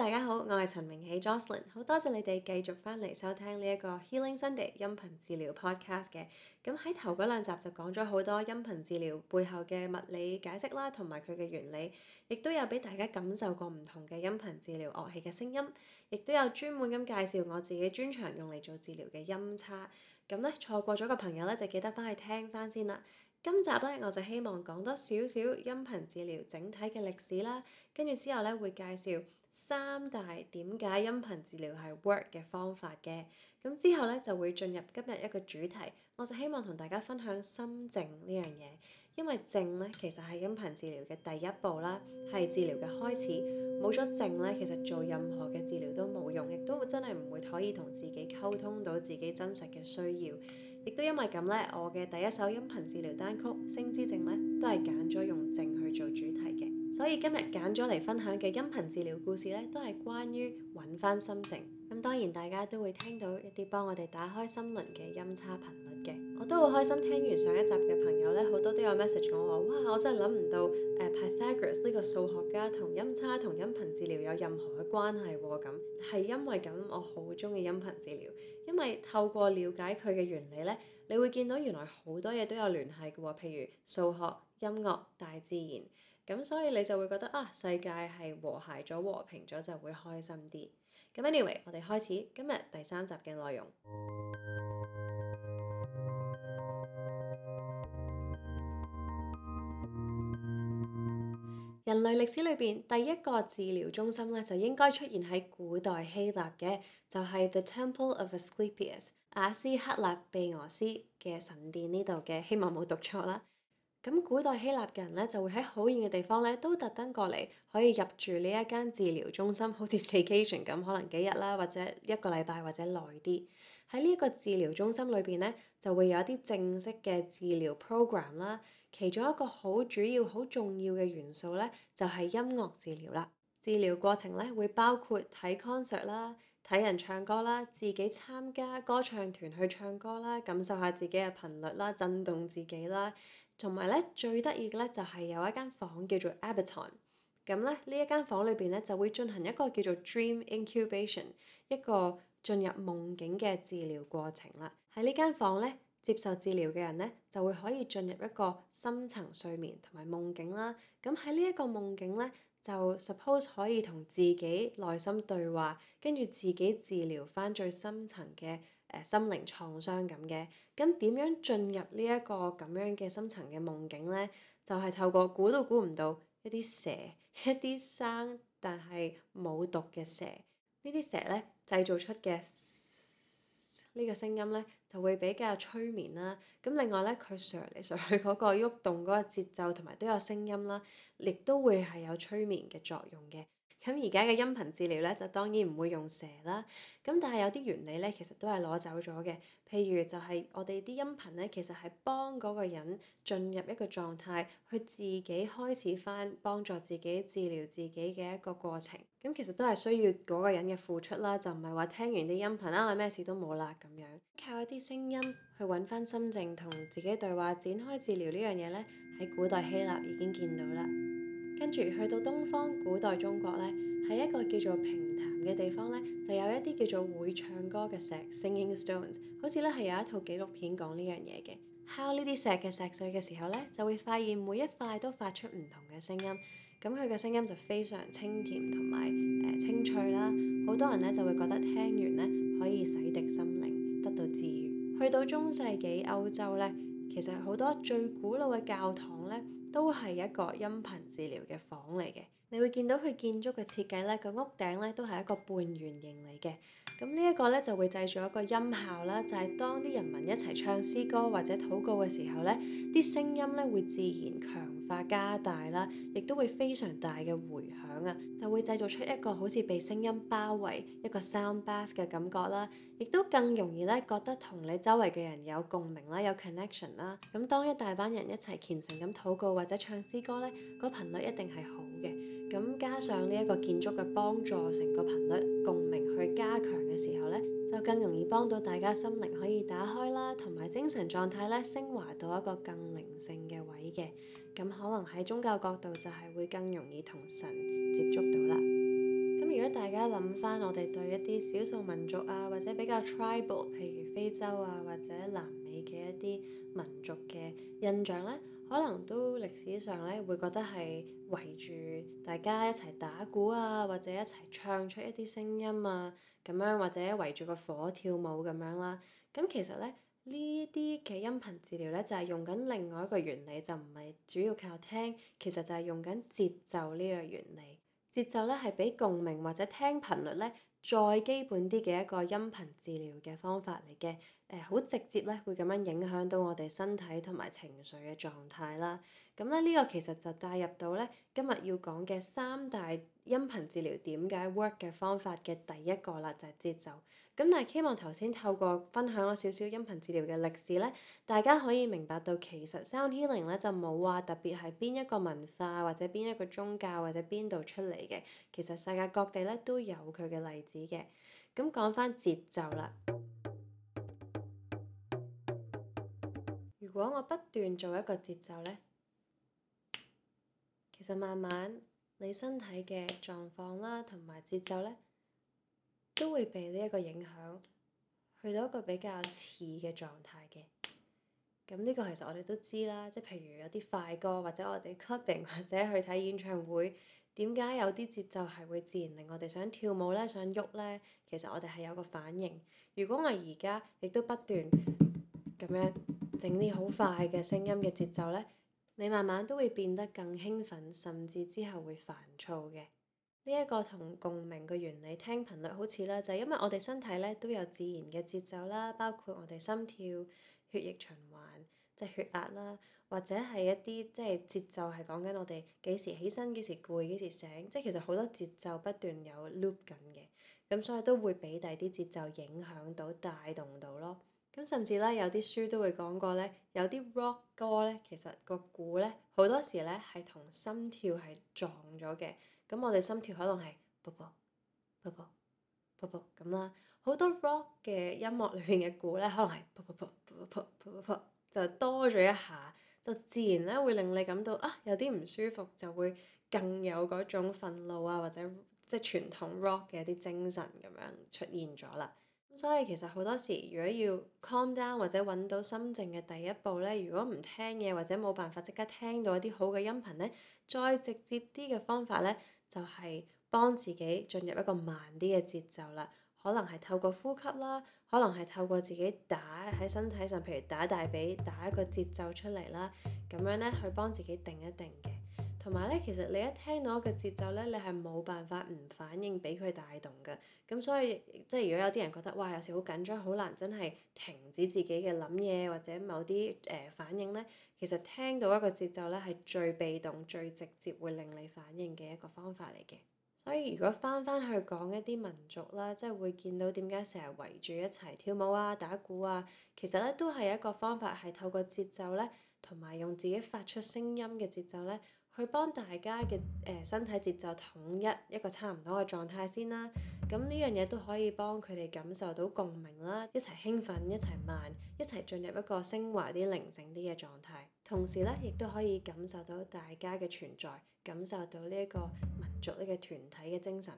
大家好，我係陳明喜 Jocelyn，好多謝你哋繼續翻嚟收聽呢一個 Healing Sunday 音頻治療 Podcast 嘅。咁喺頭嗰兩集就講咗好多音頻治療背後嘅物理解釋啦，同埋佢嘅原理，亦都有俾大家感受過唔同嘅音頻治療樂器嘅聲音，亦都有專門咁介紹我自己專長用嚟做治療嘅音叉。咁咧錯過咗嘅朋友咧，就記得翻去聽翻先啦。今集咧我就希望講多少少音頻治療整體嘅歷史啦。跟住之後咧，會介紹三大點解音頻治療係 work 嘅方法嘅。咁之後咧，就會進入今日一個主題，我就希望同大家分享心靜呢樣嘢，因為靜咧其實係音頻治療嘅第一步啦，係治療嘅開始。冇咗靜咧，其實做任何嘅治療都冇用，亦都真係唔會可以同自己溝通到自己真實嘅需要。亦都因為咁咧，我嘅第一首音頻治療單曲《星之靜》咧，都係揀咗用靜去做主題嘅。所以今日揀咗嚟分享嘅音頻治療故事咧，都係關於揾翻心靜。咁當然大家都會聽到一啲幫我哋打開心輪嘅音差頻率嘅。我都好開心，聽完上一集嘅朋友咧，好多都有 message 我話，哇！我真係諗唔到誒、uh，Pythagoras 呢個數學家同音差同音頻治療有任何嘅關係喎、哦。咁係因為咁，我好中意音頻治療，因為透過了解佢嘅原理咧，你會見到原來好多嘢都有聯繫嘅。譬如數學、音樂、大自然。咁所以你就會覺得啊，世界係和諧咗、和平咗就會開心啲。咁 anyway，我哋開始今日第三集嘅內容。人類歷史裏邊第一個治療中心咧，就應該出現喺古代希臘嘅，就係 The Temple of Asclepius 阿斯克納庇俄斯嘅神殿呢度嘅，希望冇讀錯啦。咁古代希臘嘅人咧，就會喺好遠嘅地方咧，都特登過嚟可以入住呢一間治療中心，好似 staycation 咁，可能幾日啦，或者一個禮拜或者耐啲。喺呢個治療中心裏邊咧，就會有一啲正式嘅治療 program 啦。其中一個好主要、好重要嘅元素咧，就係音樂治療啦。治療過程咧會包括睇 concert 啦，睇人唱歌啦，自己參加歌唱團去唱歌啦，感受下自己嘅頻率啦，震動自己啦。同埋咧，最得意嘅咧就係有一間房叫做 Abaton，咁咧呢一間房裏邊咧就會進行一個叫做 Dream Incubation，一個進入夢境嘅治療過程啦。喺呢間房咧接受治療嘅人咧就會可以進入一個深層睡眠同埋夢境啦。咁喺呢一個夢境咧，就 suppose 可以同自己內心對話，跟住自己治療返最深層嘅誒心靈創傷咁嘅。咁點樣進入呢一個咁樣嘅深層嘅夢境呢？就係透過估都估唔到一啲蛇，一啲生但係冇毒嘅蛇，呢啲蛇呢製造出嘅。個聲呢個聲音咧就會比較催眠啦，咁另外咧，佢上嚟上去嗰個喐動嗰個節奏同埋都有聲音啦，亦都會係有催眠嘅作用嘅。咁而家嘅音頻治療咧，就當然唔會用蛇啦。咁但係有啲原理咧，其實都係攞走咗嘅。譬如就係我哋啲音頻咧，其實係幫嗰個人進入一個狀態，去自己開始翻幫助自己治療自己嘅一個過程。咁其實都係需要嗰個人嘅付出啦，就唔係話聽完啲音頻啦，啊，我咩事都冇啦咁樣。靠一啲聲音去揾翻心靜同自己對話，展開治療呢樣嘢咧，喺古代希臘已經見到啦。跟住去到東方古代中國呢，喺一個叫做平潭嘅地方呢，就有一啲叫做會唱歌嘅石 （singing stones）。好似呢係有一套紀錄片講呢樣嘢嘅，敲呢啲石嘅石碎嘅時候呢，就會發現每一塊都發出唔同嘅聲音。咁佢嘅聲音就非常清甜同埋誒清脆啦。好多人呢，就會覺得聽完呢可以洗滌心靈，得到治愈。去到中世紀歐洲呢，其實好多最古老嘅教堂呢，都係一個音頻治療嘅房嚟嘅，你會見到佢建築嘅設計咧，個屋頂咧都係一個半圓形嚟嘅，咁呢一個咧就會製造一個音效啦，就係、是、當啲人民一齊唱詩歌或者禱告嘅時候咧，啲聲音咧會自然強化加大啦，亦都會非常大嘅回響。就會製造出一個好似被聲音包圍一個 sound bath 嘅感覺啦，亦都更容易咧覺得同你周圍嘅人有共鳴啦，有 connection 啦。咁當一大班人一齊虔誠咁禱告或者唱詩歌咧，個頻率一定係好嘅。咁加上呢一個建築嘅幫助，成個頻率共鳴去加強嘅時候咧，就更容易幫到大家心靈可以打開啦，同埋精神狀態咧昇華到一個更靈性嘅位嘅。咁可能喺宗教角度就係會更容易同神接觸到啦。咁如果大家諗翻我哋對一啲少數民族啊，或者比較 tribal，譬如非洲啊或者南美嘅一啲民族嘅印象呢。可能都歷史上咧會覺得係圍住大家一齊打鼓啊，或者一齊唱出一啲聲音啊，咁樣或者圍住個火跳舞咁樣啦。咁其實咧呢啲嘅音頻治療咧就係用緊另外一個原理，就唔係主要靠聽，其實就係用緊節奏呢個原理。節奏咧係比共鳴或者聽頻率咧，再基本啲嘅一個音頻治療嘅方法嚟嘅，誒、呃、好直接咧，會咁樣影響到我哋身體同埋情緒嘅狀態啦。咁咧呢、這個其實就帶入到咧今日要講嘅三大音頻治療點解 work 嘅方法嘅第一個啦，就係、是、節奏。咁但係希望頭先透過分享我少少音頻治療嘅歷史咧，大家可以明白到其實三 o u n 咧就冇話特別係邊一個文化或者邊一個宗教或者邊度出嚟嘅。其實世界各地咧都有佢嘅例子嘅。咁講翻節奏啦， 如果我不斷做一個節奏咧，其實慢慢你身體嘅狀況啦同埋節奏咧。都會被呢一個影響，去到一個比較似嘅狀態嘅。咁、這、呢個其實我哋都知啦，即係譬如有啲快歌，或者我哋 clubbing，或者去睇演唱會，點解有啲節奏係會自然令我哋想跳舞咧、想喐咧？其實我哋係有個反應。如果我而家亦都不斷咁樣整啲好快嘅聲音嘅節奏咧，你慢慢都會變得更興奮，甚至之後會煩躁嘅。呢一個同共鳴嘅原理，聽頻率好似啦，就係因為我哋身體咧都有自然嘅節奏啦，包括我哋心跳、血液循環，即係血壓啦，或者係一啲即係節奏係講緊我哋幾時起身、幾時攰、幾時醒，即係其實好多節奏不斷有 loop 緊嘅，咁所以都會俾第啲節奏影響到、帶動到咯。咁甚至咧有啲書都會講過咧，有啲 rock 歌咧，其實個鼓咧好多時咧係同心跳係撞咗嘅。咁我哋心跳可能係噗噗噗噗噗噗咁啦，好多 rock 嘅音樂裏邊嘅鼓咧，可能係噗噗噗噗噗噗噗，就多咗一下，就自然咧會令你感到啊有啲唔舒服，就會更有嗰種憤怒啊，或者即係傳統 rock 嘅一啲精神咁樣出現咗啦。咁所以其實好多時，如果要 calm down 或者揾到心靜嘅第一步咧，如果唔聽嘢或者冇辦法即刻聽到一啲好嘅音頻咧，再直接啲嘅方法咧。就係幫自己進入一個慢啲嘅節奏啦，可能係透過呼吸啦，可能係透過自己打喺身體上，譬如打大髀，打一個節奏出嚟啦，咁樣呢，去幫自己定一定嘅。同埋咧，其實你一聽到一個節奏咧，你係冇辦法唔反應俾佢帶動嘅。咁所以即係如果有啲人覺得哇，有時好緊張，好難真係停止自己嘅諗嘢或者某啲誒、呃、反應咧，其實聽到一個節奏咧係最被動、最直接會令你反應嘅一個方法嚟嘅。所以如果翻翻去講一啲民族啦，即係會見到點解成日圍住一齊跳舞啊、打鼓啊，其實咧都係一個方法，係透過節奏咧，同埋用自己發出聲音嘅節奏咧。去幫大家嘅誒身體節奏統一一個差唔多嘅狀態先啦，咁呢樣嘢都可以幫佢哋感受到共鳴啦，一齊興奮，一齊慢，一齊進入一個昇華啲寧靜啲嘅狀態，同時咧亦都可以感受到大家嘅存在，感受到呢一個民族呢個團體嘅精神。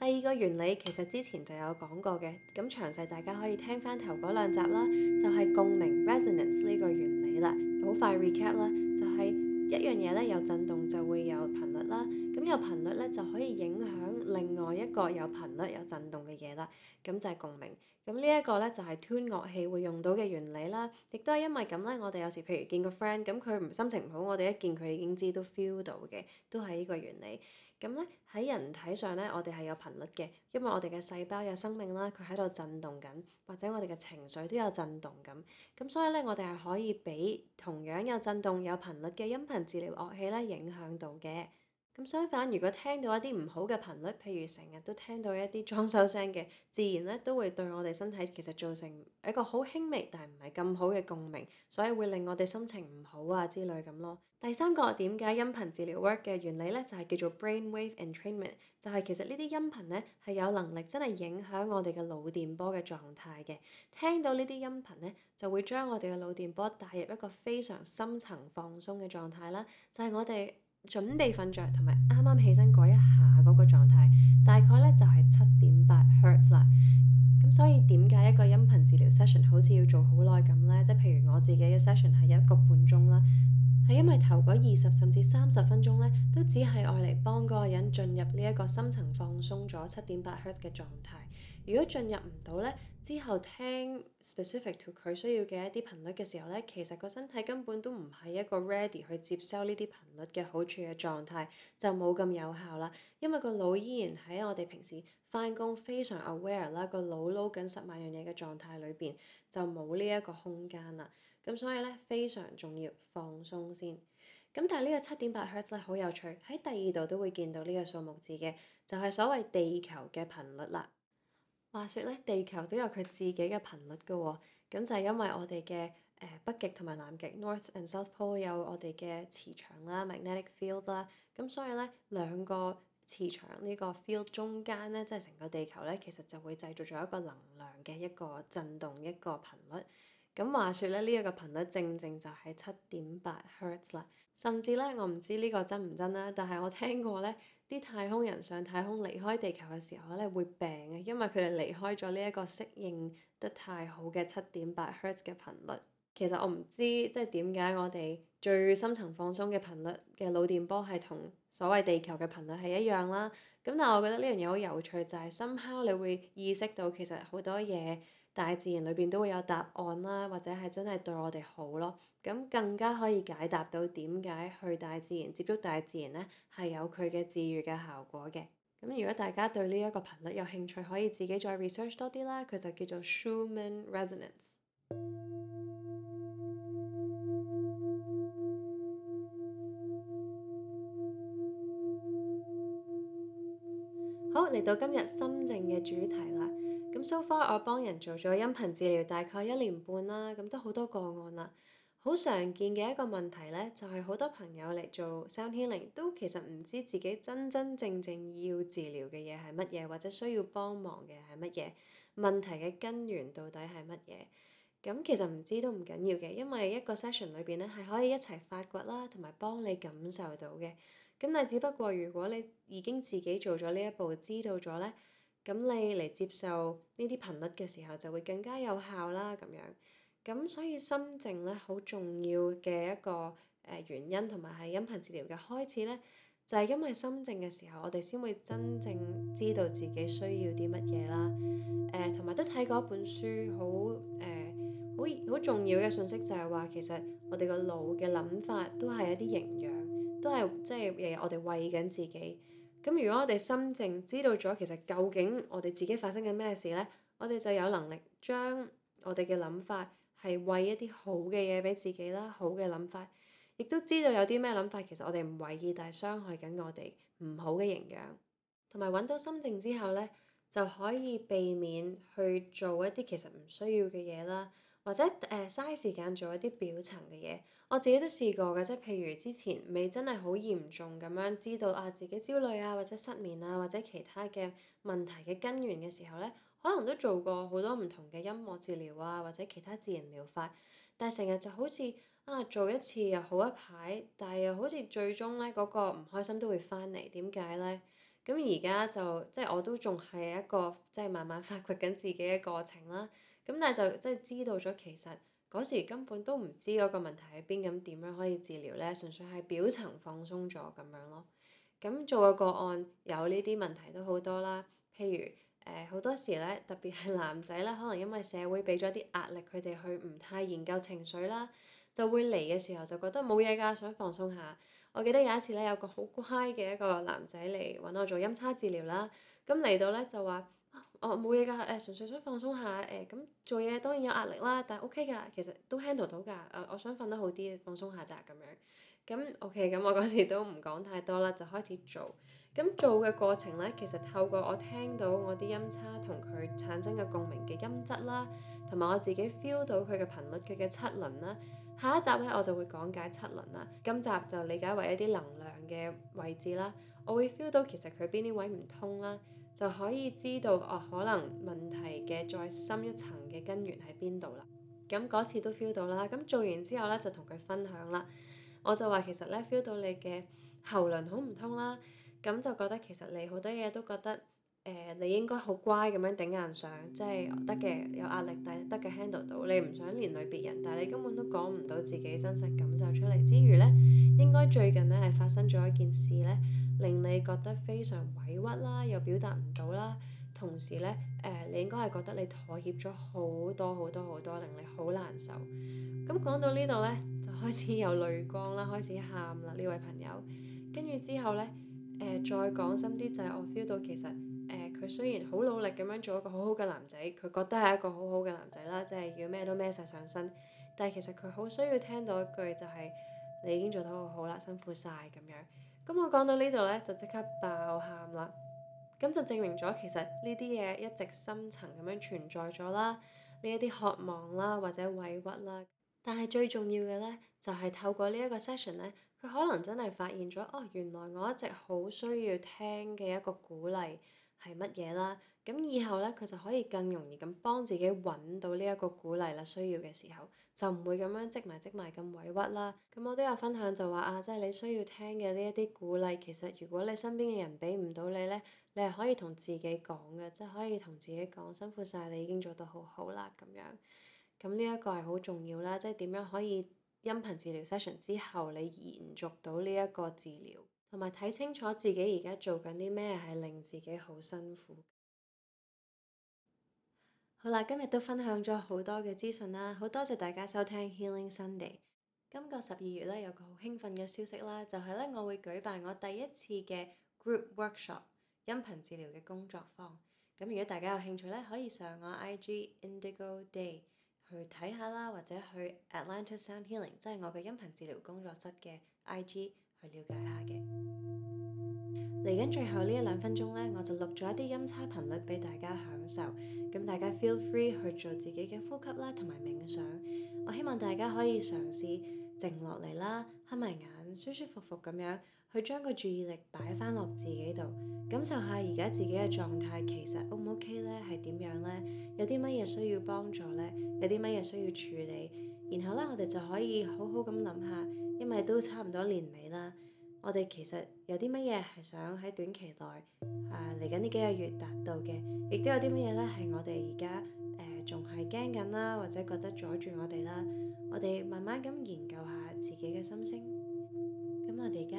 第二個原理其實之前就有講過嘅，咁詳細大家可以聽翻頭嗰兩集啦，就係共鳴 resonance 呢個原理啦，好快 recap 啦，就係。一樣嘢咧，有震動就會有頻率啦。呢個頻率咧就可以影響另外一個有頻率有震動嘅嘢啦，咁就係、是、共鳴。咁呢一個咧就係吞樂器會用到嘅原理啦，亦都係因為咁咧。我哋有時譬如見個 friend，咁佢唔心情唔好，我哋一見佢已經知都 feel 到嘅，都係呢個原理。咁咧喺人體上咧，我哋係有頻率嘅，因為我哋嘅細胞有生命啦，佢喺度震動緊，或者我哋嘅情緒都有震動咁。咁所以咧，我哋係可以俾同樣有震動有頻率嘅音頻治療樂器咧影響到嘅。咁相反，如果聽到一啲唔好嘅頻率，譬如成日都聽到一啲裝修聲嘅，自然咧都會對我哋身體其實造成一個好輕微但唔係咁好嘅共鳴，所以會令我哋心情唔好啊之類咁咯。第三個點解音頻治療 work 嘅原理咧，就係叫做 brainwave entrainment，就係其實呢啲音頻咧係有能力真係影響我哋嘅腦電波嘅狀態嘅。聽到呢啲音頻咧，就會將我哋嘅腦電波帶入一個非常深層放鬆嘅狀態啦。就係我哋，準備瞓着，同埋啱啱起身嗰一下嗰個狀態，大概咧就係七點八赫茲啦。咁所以點解一個音頻治療 session 好似要做好耐咁呢？即係譬如我自己嘅 session 係一個半鐘啦。係因為頭嗰二十甚至三十分鐘咧，都只係用嚟幫嗰個人進入呢一個深層放鬆咗七點八 h 赫茲嘅狀態。如果進入唔到咧，之後聽 specific to 佢需要嘅一啲頻率嘅時候咧，其實個身體根本都唔係一個 ready 去接收呢啲頻率嘅好處嘅狀態，就冇咁有，有效啦。因為個腦依然喺我哋平時返工非常 aware 啦，個腦撈緊十萬樣嘢嘅狀態裏邊，就冇呢一個空間啦。咁所以咧非常重要，放鬆先。咁但係呢個七點八赫茲好有趣，喺第二度都會見到呢個數目字嘅，就係所謂地球嘅頻率啦。話說咧，地球都有佢自己嘅頻率㗎喎，咁就係因為我哋嘅誒北極同埋南極 （North and South Pole） 有我哋嘅磁場啦 （magnetic field） 啦，咁所以咧兩個磁場呢個 field 中間咧，即係成個地球咧，其實就會製造咗一個能量嘅一個震動一個頻率。咁話說咧，呢一個頻率正正就係七點八赫茲啦。甚至咧，我唔知呢個真唔真啦。但係我聽過咧，啲太空人上太空離開地球嘅時候咧，會病嘅，因為佢哋離開咗呢一個適應得太好嘅七點八赫茲嘅頻率。其實我唔知即係點解我哋最深層放鬆嘅頻率嘅腦電波係同所謂地球嘅頻率係一樣啦。咁但係我覺得呢樣嘢好有趣，就係深刻，你會意識到其實好多嘢。大自然裏邊都會有答案啦，或者係真係對我哋好咯。咁更加可以解答到點解去大自然接觸大自然呢，係有佢嘅治愈嘅效果嘅。咁如果大家對呢一個頻率有興趣，可以自己再 research 多啲啦。佢就叫做 Schumann Resonance。好，嚟到今日心靜嘅主題啦。so far 我幫人做咗音頻治療大概一年半啦，咁都好多個案啦。好常見嘅一個問題呢，就係好多朋友嚟做 sound healing 都其實唔知自己真真正正要治療嘅嘢係乜嘢，或者需要幫忙嘅係乜嘢，問題嘅根源到底係乜嘢？咁其實唔知都唔緊要嘅，因為一個 session 裏邊咧係可以一齊發掘啦，同埋幫你感受到嘅。咁但係只不過如果你已經自己做咗呢一步，知道咗呢。咁你嚟接受呢啲頻率嘅時候就會更加有效啦，咁樣。咁所以心靜咧好重要嘅一個誒原因，同埋係音頻治療嘅開始咧，就係因為心靜嘅時候，我哋先會真正知道自己需要啲乜嘢啦。誒同埋都睇過一本書，好誒好好重要嘅信息就係話，其實我哋個腦嘅諗法都係一啲營養，都係即係誒我哋餵緊自己。咁如果我哋心靜，知道咗其實究竟我哋自己發生緊咩事呢？我哋就有能力將我哋嘅諗法係餵一啲好嘅嘢俾自己啦，好嘅諗法，亦都知道有啲咩諗法其實我哋唔為意，但係傷害緊我哋唔好嘅營養。同埋揾到心靜之後呢，就可以避免去做一啲其實唔需要嘅嘢啦。或者誒嘥、呃、時間做一啲表層嘅嘢，我自己都試過㗎，即係譬如之前未真係好嚴重咁樣知道啊自己焦慮啊或者失眠啊或者其他嘅問題嘅根源嘅時候咧，可能都做過好多唔同嘅音樂治療啊或者其他自然療法，但係成日就好似啊做一次又好一排，但係又好似最終咧嗰個唔開心都會翻嚟，點解咧？咁而家就即係、就是、我都仲係一個即係、就是、慢慢發掘緊自己嘅過程啦。咁但係就即係知道咗，其實嗰時根本都唔知嗰個問題喺邊，咁點樣可以治療呢？純粹係表層放鬆咗咁樣咯。咁做個個案有呢啲問題都好多啦，譬如誒好多時咧，特別係男仔咧，可能因為社會俾咗啲壓力，佢哋去唔太研究情緒啦，就會嚟嘅時候就覺得冇嘢㗎，想放鬆下。我記得有一次咧，有個好乖嘅一個男仔嚟揾我做音叉治療啦，咁嚟到咧就話。我冇嘢噶，誒、哦欸、純粹想放鬆下，誒、欸、咁、嗯、做嘢當然有壓力啦，但係 OK 噶，其實都 handle 到噶。誒、呃、我想瞓得好啲，放鬆下咋。咁樣。咁 OK，咁我嗰時都唔講太多啦，就開始做。咁做嘅過程呢，其實透過我聽到我啲音叉同佢產生嘅共鳴嘅音質啦，同埋我自己 feel 到佢嘅頻率佢嘅七輪啦。下一集呢，我就會講解七輪啦。今集就理解為一啲能量嘅位置啦。我會 feel 到其實佢邊啲位唔通啦。就可以知道哦，可能問題嘅再深一層嘅根源喺邊度啦。咁嗰次都 feel 到啦。咁做完之後呢，就同佢分享啦。我就話其實呢，feel 到你嘅喉嚨好唔通啦。咁就覺得其實你好多嘢都覺得，誒、呃，你應該好乖咁樣頂硬上，即係得嘅，有壓力但係得嘅 handle 到。你唔想連累別人，但係你根本都講唔到自己真實感受出嚟。之餘呢，應該最近呢，係發生咗一件事呢。令你覺得非常委屈啦，又表達唔到啦，同時呢，誒、呃，你應該係覺得你妥協咗好多好多好多，令你好難受。咁講到呢度呢，就開始有淚光啦，開始喊啦，呢位朋友。跟住之後呢，呃、再講深啲就係我 feel 到其實，佢、呃、雖然好努力咁樣做一個好好嘅男仔，佢覺得係一個好好嘅男仔啦，即係要咩都孭晒上身，但係其實佢好需要聽到一句就係、是、你已經做到好好啦，辛苦晒咁樣。咁我講到呢度呢，就即刻爆喊啦！咁就證明咗其實呢啲嘢一直深層咁樣存在咗啦，呢一啲渴望啦或者委屈啦。但係最重要嘅呢，就係透過呢一個 session 呢，佢可能真係發現咗哦，原來我一直好需要聽嘅一個鼓勵。係乜嘢啦？咁以後呢，佢就可以更容易咁幫自己揾到呢一個鼓勵啦。需要嘅時候就唔會咁樣積埋積埋咁委屈啦。咁我都有分享就話啊，即係你需要聽嘅呢一啲鼓勵，其實如果你身邊嘅人俾唔到你呢，你係可以同自己講嘅，即係可以同自己講辛苦晒，你已經做得好好啦咁樣。咁呢一個係好重要啦，即係點樣可以音頻治療 session 之後，你延續到呢一個治療。同埋睇清楚自己而家做緊啲咩係令自己好辛苦，好啦，今日都分享咗好多嘅資訊啦，好多謝大家收聽 Healing Sunday。今個十二月咧有個好興奮嘅消息啦，就係咧我會舉辦我第一次嘅 Group Workshop 音頻治療嘅工作坊。咁如果大家有興趣咧，可以上我 IG Indigo Day 去睇下啦，或者去 Atlanta Sound Healing，即係我嘅音頻治療工作室嘅 IG 去了解下嘅。嚟緊最後呢一兩分鐘呢，我就錄咗一啲音叉頻率俾大家享受。咁大家 feel free 去做自己嘅呼吸啦，同埋冥想。我希望大家可以嘗試靜落嚟啦，合埋眼，舒舒服服咁樣去將個注意力擺翻落自己度，感受下而家自己嘅狀態其實 O 唔 O K 呢？係點樣呢？有啲乜嘢需要幫助呢？有啲乜嘢需要處理？然後呢，我哋就可以好好咁諗下，因為都差唔多年尾啦。我哋其實有啲乜嘢係想喺短期內，誒嚟緊呢幾個月達到嘅，亦都有啲乜嘢呢？係我哋而家誒仲係驚緊啦，或者覺得阻住我哋啦。我哋慢慢咁研究下自己嘅心聲。咁我哋而家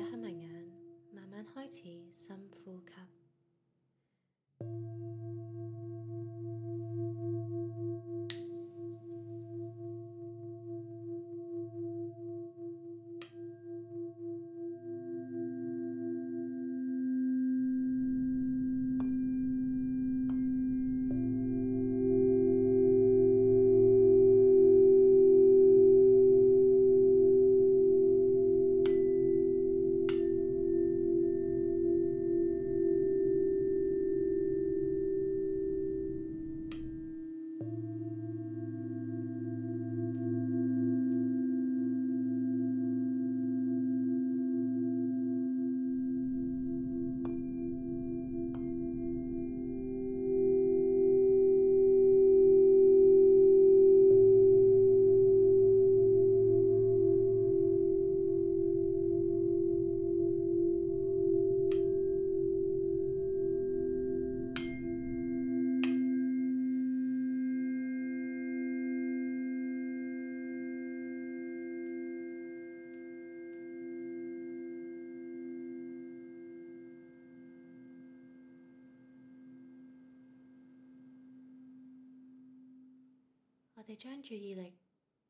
我哋將注意力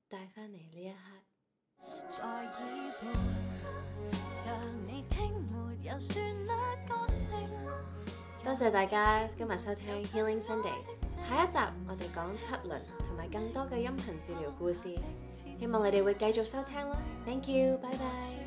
帶翻嚟呢一刻。多謝大家今日收聽 Healing Sunday，下一集我哋講七輪同埋更多嘅音頻治療故事，希望你哋會繼續收聽啦。Thank you，拜拜。